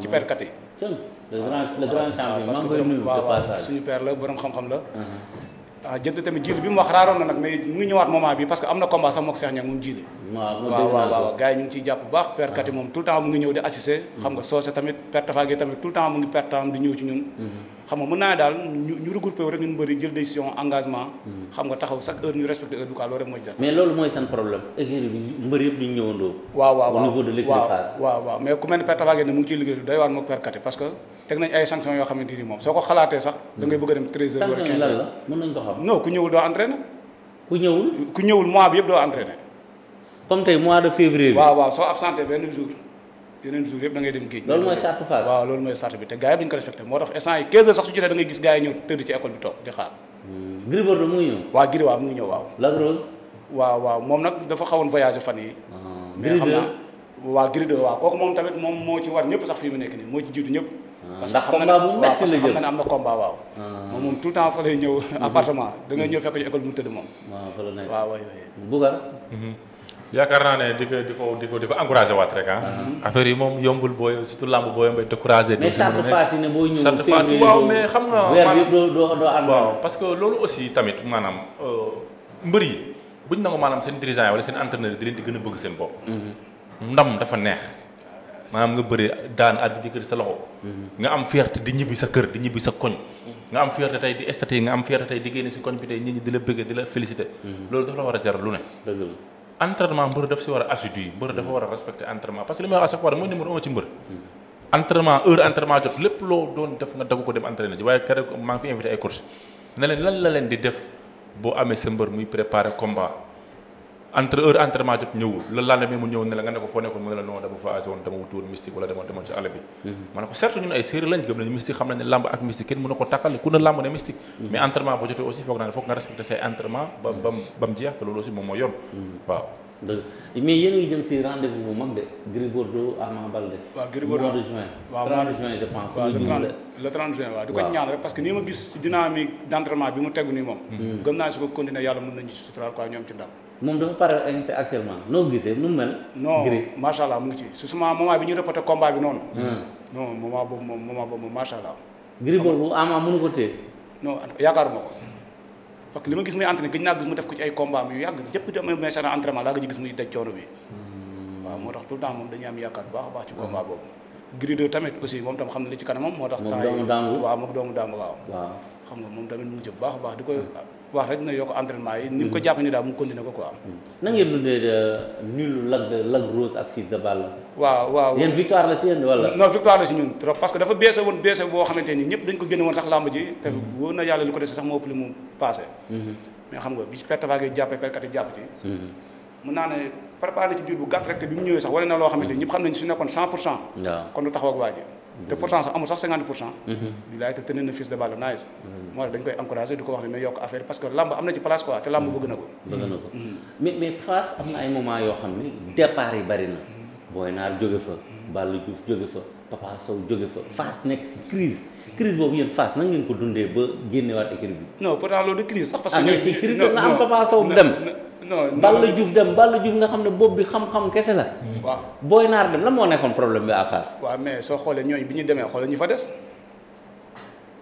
ci perkat yi. le grand le grand ah, champion. suñu père la borom xam-xam la. Uh-huh. waaw ah, jënd tamit jiili bi mu wax raaroon na nag mais mu ngi ñëwaat moment bi parce que am na combat mook Cheikh Niang mu ngi ñëw di assister xam nga soose tamit perte tamit tout temps mu ngi perte di ñëw ci ñun xam nga taxaw chaque heure ñu respecté heure bi quoi rek mooy jar mais loolu mooy seen problème mbër yëpp duñ ñëwandoo waaw waaw waaw mais ku mel ne ne mu ngi ciy liggéey doy waar mook perte parce que teg nañ ay sanctions yoo xamante ni moom soo ko xalaatee sax. dangay ngay bëgg a dem 13 heures wala 15 heures nañ ko xam. non ku ñëwul doo entraîné. ku ñëwul. ku ñëwul mois bi yëpp doo entraîné. comme tey mois de février bi. waaw waaw soo absenté benn jour yeneen jour yëpp ngay dem géej. loolu waaw loolu mooy charte bi te gars yi duñ ko respecté moo tax instant yi 15 heures sax su jotee da gis gars yi ñëw tëdd ci école bi toog di xaar. Hmm. Gris mu ngi ñëw. waaw Gris waaw mu moom nag dafa xawoon voyagé fan yi ah, mais xam naa waaw Gris 2 moom moo ci war ñëpp sax fii mu nekk nii moo ci jiitu ñëpp parce ah. que xam nga ne parce que xam nga ne am na combat waaw. Ah. moom moom mhm. appartement da nga ñëw fekk ñu école bi mu tëdd moom. Mhm. yaakaar naa ne di ko di ko di ko di waat rek ah. ah. affaire yi moom yombul booy surtout lamb booy yombay découragé. mais charte fàcce ne boo waaw mais xam nga. weer yëpp doo doo doo ànd waaw parce que loolu aussi tamit maanaam euh, mbër yi buñ nangu maanaam seen dirigeant wala seen entraîneur di di gën a bëgg seen bopp. Mhm. ndam dafa neex. maanaam nga bëri daan at bi di sa loxo. Mhm. nga am fierté di ñibbi sa kër di ñibbi sa koñ. nga am fierté tey di statut nga am fierté tey di génn si koñ bi tey nit ñi di la bëggee di la félicité. Mhm. loolu dafa la war a jaral lu ne. entraînement mbër daf si war a assidu yi mbër dafa mhm. war a respecté entraînement parce que li may wax à chaque fois mooy numéro un ci mbër entraînement heure entraînement jot lépp loo doon def nga dagu ko dem entraîné ji waaye kare maa ngi fi invité ay course leen di def boo amee sa mbër muy préparé combat entre heure entraînement jot ñëwul le lendemain mu ñëw ne nga ne ko foo nekkoon mu ne la non dama voyagé mhm. ko mhm. mhm. ñaan rek parce que ni ma gis ci dynamique d' entraînement bi mu tegu nii moom. gëm naa su ko continuer yàlla mën nañu ci suturaal quoi ñoom ci ndam. moom dafa pare invité actuellement noo gisee nu mu mel. Gris non macha allah mu ngi ci su suma moment bi ñu reporté combat bi noonu. Hmm. non moment boobu moom moment boobu moom macha allah. Gris boobu Ama mënu ko téye. non yaakaaruma ko parce que li ma gis muy entraîné gëj naa gis mu def ko ci ay combat yu yàgg jëpp damay may seen entraînement laa hmm. am na li ci kanamam moo tax. moom doomu daangu waaw moom doomu daangu waaw. ngi ci bu baax baax di koy hmm. wax rek na yokk entraînement yi. ni mu ko jàpp ni daal mu continuer ko quoi. na ngeen dundee euh, nul Lac de Lac Rose ak Fils de Balla. waaw waaw yéen victoire la si yéen wala. non victoire la si ñun trop parce que dafa beese woon beese boo xamante ni ñëpp dañ ko génne woon sax làmb ji. te mm-hmm. wóor na yàlla li ko dese sax moo ëpp li mu passé. Mm-hmm. mais xam nga bi perte vague jàppee perkat yi jàpp ci. Mm-hmm. mën naa ne préparé ci diir bu gàtt rek te bi mu ñëwee sax wane na loo xamante ni ñëpp xam nañ su nekkoon 100 pour cent. waaw kon du taxaw ak waa ji te pourtant sax amul sax 50 pour cent. di mhm. laay te tënne na fils de balle naaj. Mhm. moo tax dañ koy encouragé di ko wax ne yokk affaire parce que lamb am na ci place quoi te lamb mhm. bëgg na ko. bëgg na ko mais mais Fass am na ay moment yoo xam ne départ yi bari na. Naar jóge fa. Ballou Diouf jóge fa. Papa jóge fa Fass nekk crise crise boobu yéen Fass nan ko dundee ba génnewaat équipe bi. non pourtant loolu crise sax parce que. ah crise nga am non Balla Diouf dem Balla Diouf nga xam ne bopp bi xam-xam kese la. waaw Boy Naar dem la moo nekkoon problème bi à face. waaw mais soo xoolee ñooñu bi ñu demee xoolee ñu fa des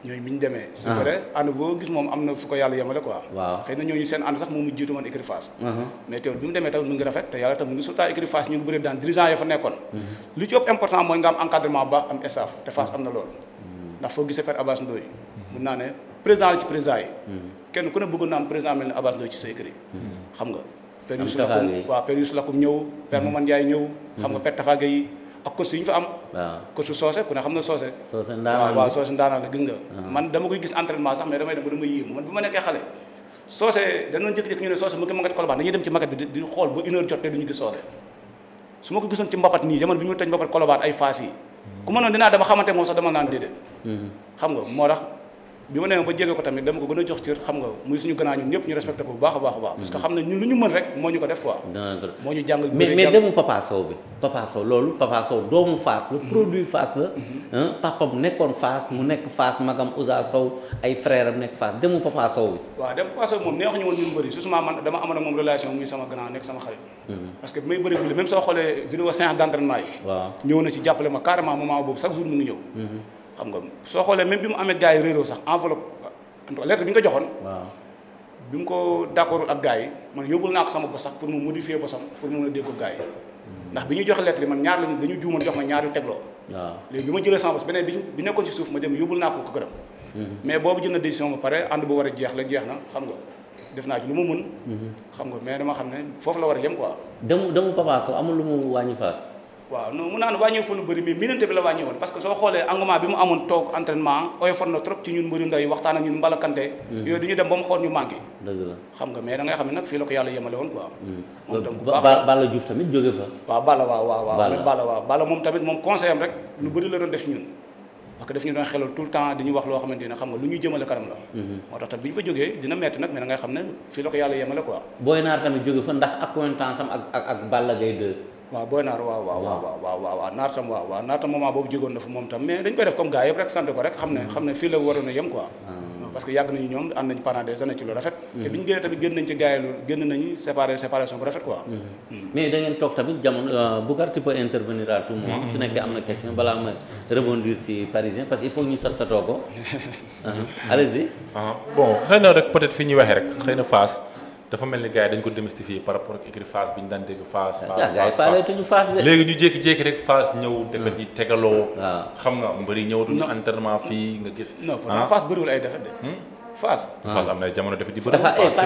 ñooñu bi ñu demee. c'est ah. vrai ànd boo gis moom am na fu ko yàlla yemale quoi. waaw xëy seen ànd sax moom mu jiitu woon écurie Fass. Uh-huh. mais teewul bi mu demee tamit mu ngi rafet te yàlla tam mu ngi sultaan écurie Fass ñu ngi bëri daan dirigeant ya fa nekkoon. Uh-huh. li ci ëpp important mooy nga am encadrement bu baax am staff te Fass am na loolu. Uh-huh. ndax foo gisee Père Abbas Ndoye kenn ku ne bëggoon na am président mel ne Abass Ndoye ci say écrit hmm. xam nga père Youssou Lakum waaw père Youssou Lakum ñëw père hmm. Maman Ndiaye ñëw xam nga hmm. père Tafa Gueye ak coach yi ñu fa am coach Socé ku ne xam na Socé waaw waaw Socé ndaanaan la gis nga ah. man dama koy gis entraînement sax ma nekkee ne Socé dem ci magat bi di xool ba une heure jotee duñu gis Socé su ma ko gisoon ci mbapat nii jamono bi ñu toj mbapat Colobane ay faas yi ku mënoon dinaa dama xamante moom sax dama naan bi ma demee ba jege ko tamit dama ko gën a jox cër xam nga muy suñu gannaaw ñun ñëpp ñu respecté ko bu baax a baax a baax parce que xam ne ñun lu ñu mën rek moo ñu ko def quoi moo ñu nekkoon Fass mu nekk Fass magam Ousa Sow ay frère am nekk Fass demu Papa Sow bi waaw dem Papa Sow moom neexuñu woon ñun bëri susuma man dama amoon moom relation muy sama gannaaw nekk sama xarit mhm. parce que bi may bëri buli même soo xoolee vidéo séance d'entraînement yi waaw ñëw na ci jàppale ma carrément xam nga soo xoolee même bi mu amee gars yi réeroo sax enveloppe en tout cas lettre bi ñu ko joxoon. bi mu ko d'accordul ak gars yi man yóbbul naa ko sama bos sax pour mu modifier bosam pour mu mën a dégg ko yi hmm. ndax bi ñu joxe lettre yi man ñaar lañu dañu juumoon jox ma ñaar yu tegloo. léegi bi ma jëlee sama bos beneen bi bi nekkoon si suuf ma dem yóbbul naa ko ko këram. Hmm. mais boobu jël na décision ba pare ànd bu war a jeex la jeex na xam nga def naa ci lu ma mën. Hmm. xam nga mais dama xam ne foofu la war a yem quoi. demu demu Papa Sow amul lu mu wàññi waaw non mun naa ne wàññee fa lu bëri mais minante bi la wàññee woon parce soo xoolee engouement bi mu amoon toog entraînement oyofoon na trop ci ñun mbëri ndaw yi waxtaan ak hmm. mu xool ñu nga mais da ngay xam la ko yàlla yemale woon quoi hmm. moom tam ku baax Balla Diouf tamit jóge fa waaw Balla waaw moom tamit moom conseil am rek lu bëri la doon def loo xamante ne xam nga lu ñuy jëmale kanam la hmm. moo tax tam bi ñu fa jógee la ko yàlla yemale quoi waaw booy naar waaw waaw waaw waaw waaw naar tam waaw waaw naar tam moment boobu jógoon na fa moom tam mais dañ koy def comme gars yëpp rek sant ko rek xam ne xam ne fii la waroon a yem quoi ah. parce que yàgg nañu ñoom ànd nañ pendant des années ci lu rafet mm. te bi ñu génnee tamit génn nañu séparé séparation bu rafet quoi mm. Mm. mais da toog tamit jamono euh, Boucar tu peux à tout moment su nekkee am na question balaa ma rebondir si parisien parce que il faut dafa mel ni gars yi dañ ko démystifier par rapport ak écrit Fass bi ñu daan dégg Fass. Fass Fass léegi ñu jékki-jékki rek Fass ñëw. Hmm. dafa di tegaloo. Ah. xam nga mbëri ñëw duñu entraînement fii nga gis. non pourtant Fass bëriwul ay defet de. Hmm? Fass. Ah. Fass am na jamono dafa di bëri. Fass fa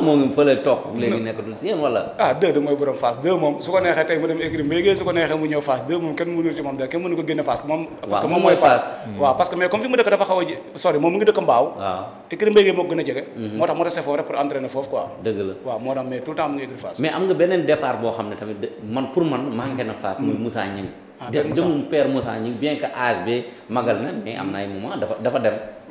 moo ngi fële toog léegi nekkatul si yéen wala. ah 2 de mooy borom Fass 2 moom su ko neexee tey mu dem écurie mu ñëw dëkk dafa xaw mu ngi dëkk Mbaaw. Ah. waaw écurie Mbaye Gueye moo gën mhm. moo tax mu rek pour entraîner foofu quoi. dëgg la waaw moo tax mais tout temps mu ngi écurie Fass. mais am nga beneen départ boo xam ne tamit man pour man manqué na Fass muy mm. Moussa Niang ah père Moussa demoon père Moussa ñu bien que âge bi magal na mais am na ay moment dafa dafa dem.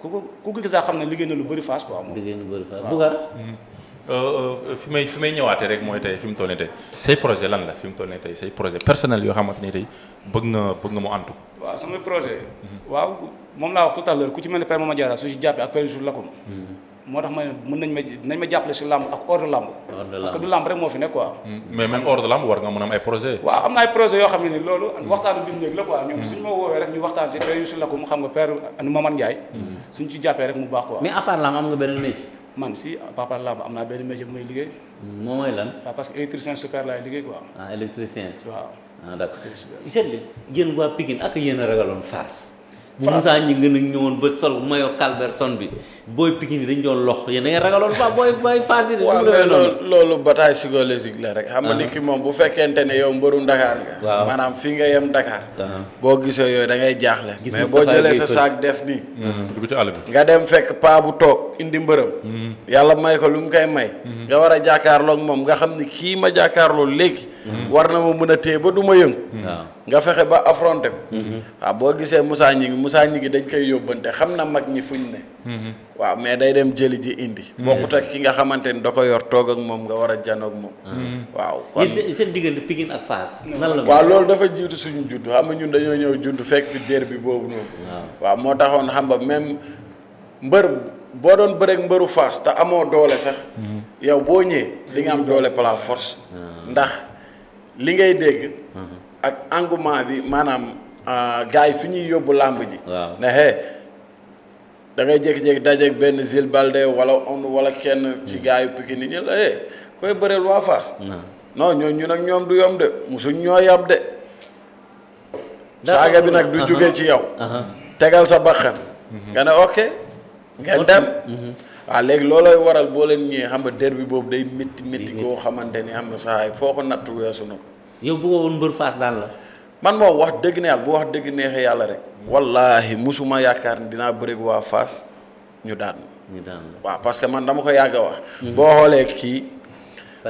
ku ko ku ko gisaa xam ne liggéey na lu bëri Fass ko moom liggéey na lu bëri Fass Bougar. Mm-hmm. Euh, euh, fi may fi may ñëwaatee rek mooy tey fi mu toll nii tey say projet lan la fi mu toll nii tey say projet personnel yoo xamante ne tey bëgg nga bëgg nga mu antu. waaw samay projet mm-hmm. waaw moom laa wax tout à l'heure ku ci mel ne Père Mama Diarra su ci jàppee ak Père Youssou Lakoum. moo tax ma ne mën nañ ma nañ ma jàppale si làmb ak ordre làmb parce que du làmb rek moo fi nekk quoi hmm, mais même ordre làmb war nga mën am ay projet waaw am na ay projet yoo xam ne ni loolu waxtaanu biir néeg la quoi ñoom hmm. suñu ma woowee rek ñu waxtaan si père Youssou Lakoum xam hmm. jàppee rek mu baax quoi am nga beneen métier bu may liggéey moom mooy lan waaw ah, parce que électricien super laay liggéey quoi ah électricien ah, waa Pikine bu Moussa ñi gën a ñëwoon ba sol mayo Calverson bi booy Pikine dañ doon lox yéen da ngeen ragaloon ba booy booy phase loolu loolu bataille psychologique la rek. xam nga ah. ni ki moom bu fekkente ne yow mbëru Ndakaar nga. waaw maanaam fii nga yem Dakar. Ah. boo gisee yooyu da ngay jaaxle. mais boo jëlee sa saak def nii. Ah. nga dem fekk paa bu toog indi mbërëm. Mm-hmm. yàlla may ko lu mu koy may. Mm-hmm. nga war a jàkkaarloog moom nga xam ni kii ma jàkkaarloo léegi. Mm-hmm. war na ma mën a téye ba du ma yëngu. nga fexe ba affronté ko. waaw boo Moussa ñi gi dañ koy yóbbante xam na mag ñi fuñ ne. Mhm. waaw mais day dem jëli ji indi. Mhm. bokkut ak ki nga xamante ni da ko yor toog ak moom nga war a janoo ak moom. Ah. Mhm. waaw kon seen diggante Pikine ak Fass. lan la waaw loolu dafa jiitu suñu judd xam nga ñun dañoo ñëw judd fekk fi dér boobu noonu. waaw moo taxoon xam nga même mbër boo doon bëreeg mbëru Fass te amoo doole sax. yow boo ñëwee li nga am doole par force. Ah. ndax li ngay dégg. ak engouement bi maanaam. Ah, gars yi fi ñuy yóbbu làmb ji. waaw ne hey da ngay jékki-jékki benn Zil Balde wala on kenn ci hmm. gars yu Pikine ni ñu la hey koy bëreel waa Fass. non ñoo nag ñoom du yomb de mosuñ ñoo yab de. saaga bi nag du jóge ci uh-huh. yow. Uh-huh. tegal sa bakkan. Mm-hmm. nga ne ok. nga dem. waaw mm-hmm. ah, léegi loolooy waral boo leen ñëwee xam nga der bi boobu day métti métti koo xamante ni am na saa yi foo ko natt weesu na ko. yow bëggoon mbër Fass daan la. man moom wax dëgg ne yàlla bu wax dëgg neexee yàlla rek wallaahi mosuma yaakaar ni dinaa bëri waa fas ñu daan ñu daan waaw parce que man dama ko yàgg a wax hmm. boo xoolee kii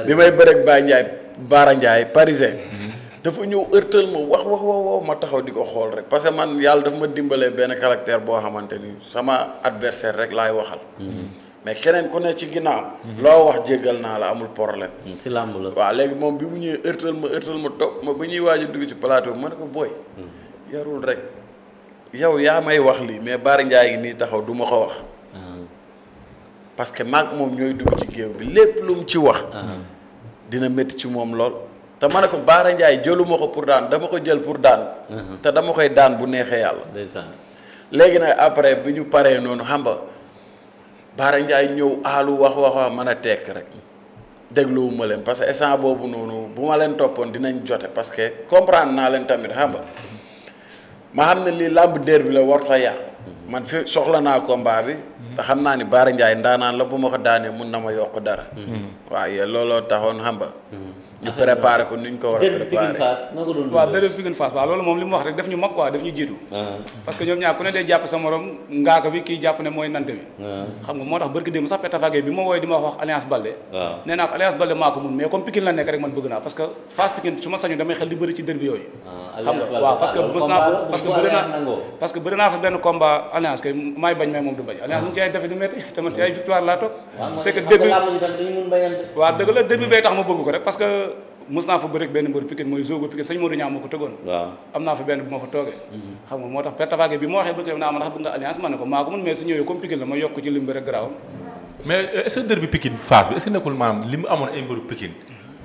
bi may bëreeg Baye Ndiaye Baara Ndiaye parisien hmm. dafa ñëw ërtal ma wax wax wax ma taxaw di ko xool rek parce que man yàlla dafa ma dimbalee benn caractère boo xamante ni sama adversaire rek laay waxal hmm. mais keneen ku ne ci ginnaaw. loo wax jéggal naa la amul problème. Mm, si làmb la waaw léegi moom bi mu ñëwee ërtal ma ërtal ma topp ma ba ñuy waaj dugg ci plateau bi ma ne ko booy. yarul rek yow yaa may wax lii mais Baara Ndiaye gi nii taxaw duma ko wax. Mm. parce que maag moom ñooy dugg ci géew bi lépp lu mu ci wax. Mm. dina métti ci moom lool. te ma ne ko Baara Ndiaye jëluma ko pour daan dama ko jël pour daan mm-hmm. te dama koy daan bu neexee yàlla. léegi nag après bi ñu paree noonu xam nga Baara Ndiaye ñëw aalu wax wax wax mën a tekk rek dégluwuma leen parce que instant boobu noonu bu ma leen toppoon dinañ jote parce que comprendre naa leen tamit xam nga ma xam ne lii làmb déer bi la warut a yàqu man fi soxla naa ko combat bi te xam naa ni Baara Ndiaye ndaanaan la bu ma ko daanee mun na ma yokk dara mm-hmm. waaye looloo taxoon xam ñu préparé ko ni ñu ko war a préparé waaw dërëb Pikine Fass waaw loolu moom li mu wax rek daf ñu mag quoi daf ñu jiitu ah. parce que ñoom ñaar ku ne day jàpp sa morom ngaaka bi kii jàpp ne mooy nante bi ah. xam nga moo tax bërki ko alliance Baldé ah, xam nga moom du bañ alliance mu ci ay defe du metti te man ci ay victoire laa toog c'est que début dëgg la début bay tax ma bëgg ko rek mus naa fa bëri benn mbër Pikine mooy zogo Pikine sëñ Modou Niang moo ko tëggoon waaw am naa fa benn bu ma fa toogee mhm. xam nga moo tax pertavaage bi ma waxee bëgg naa ma ndax bëgg ne ko maa ko mën mais su ñëwee comme Pikine la ma yokk ci lim bi rek mais euh, est-ce que derby Pikine bi est-ce nekkul maanaam li amoon ay mbëru Pikine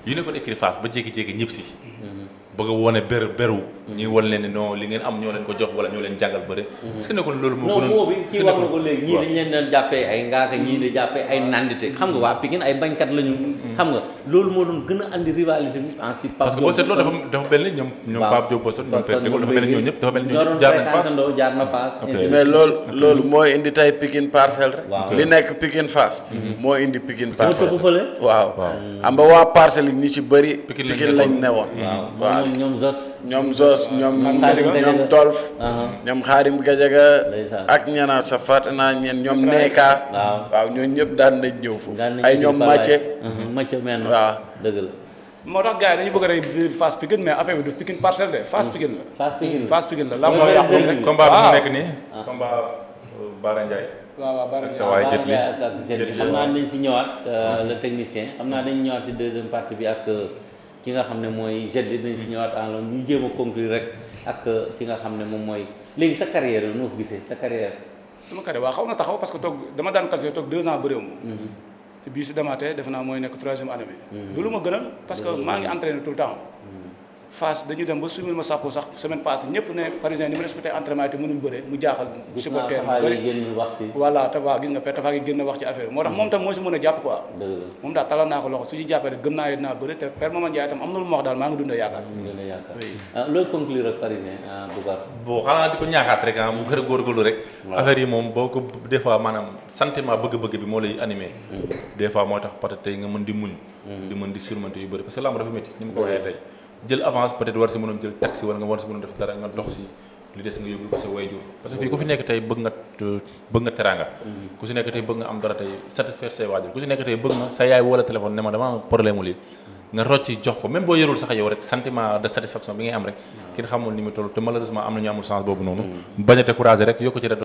yu nekkoon écrit Fass ba jékki-jékki ñëpp si mhm. bëgg a wane ber beru ñuy wan leen ne non li ngeen am ñoo leen ko jox wala ñoo leen jàngal bëre mhm. est-ce ko léegi mhm. loolu moo doon gën a andi rivalité bi en si parce que dafa dafa ñoom ñoom Pape Diop ñoom Père dafa mel ni ñoom ñëpp dafa jaar na Fass mais loolu loolu mooy indi tey Pikine Parcelles li nekk Pikine Fass mhm. moo indi Pikine Parcelles waaw xam nga waa Parcelles yi ñu ci bëri Pikine lañ newoon waaw ñoom ñoom Zos. ñoom Zos ñoom. ñoom Dolf. ñoom uh-huh. Xaarim Gajaga ak ñena sa fàtte naa ñeen ñoom Neeka. waaw waaw ñooñu ñëpp daan nañ ñëw foofu. ay ñoom Mathieu. Uh-huh, Mathieu meen waaw dëgg la. moo tax gars yi dañu bëgg rek di Fass Pikine mais affaire bi du Pikine parcelle de Fass uh-huh. Pikine la. Fass Pikine la Fass Pikine la la moo yàqu rek. combat bi mu nekk nii. combat Bara Ndiaye. waaw waaw Bara Ndiaye waaye jët li ak ak jët li xam naa euh, technicien xam naa dañ ñëwaat si bi ak. Euh, ki nga xam ne mooy jet li dañ si ñëwaat en ñu jéem a conclure rek ak ki nga xam ne moom mooy léegi sa carrière noo ko gisee sa carrière sama carrière waaw xaw na taxaw parce que toog dama daan calcio toog deux ans bëréew ma mm-hmm. te bii su demaatee defe naa mooy nekk troisième année bi mm-hmm. du lu ma gënal parce que maa ngi entraîné tout le temps mm-hmm. Fass dañu dem ba sumil ma sàkku sax semaine passée ñëpp ne parisien ni mu respecté entraînement yi te mënuñ bëre mu jaaxal a jàpp quoi moom daal talal ah, ah, ah, bëgg bi moo lay animé mm-hmm. des moo tax peut tey nga mën di muñ mm-hmm. di mën di surmonter yu bëri parce que lamb dafa métti ni ma ko waxee mm-hmm. tey jël avance peut war si mënoon jël taxi wala nga war si mënoon def dara nga dox si li des nga yóbbu ko sa waajur parce que fii ku fi nekk tey bëgg nga teraanga mhm. ku si nekk tey bëgg nga sa yaay wala téléphone ne ma dama am problème nga rocci jox ko même boo yorul sax yow rek sentiment de satisfaction bi ngay am rek mhm. kin xamul ni mu toll te malheureusement am na ñu amul chance boobu noonu mhm. bañ a rek yokk ci rek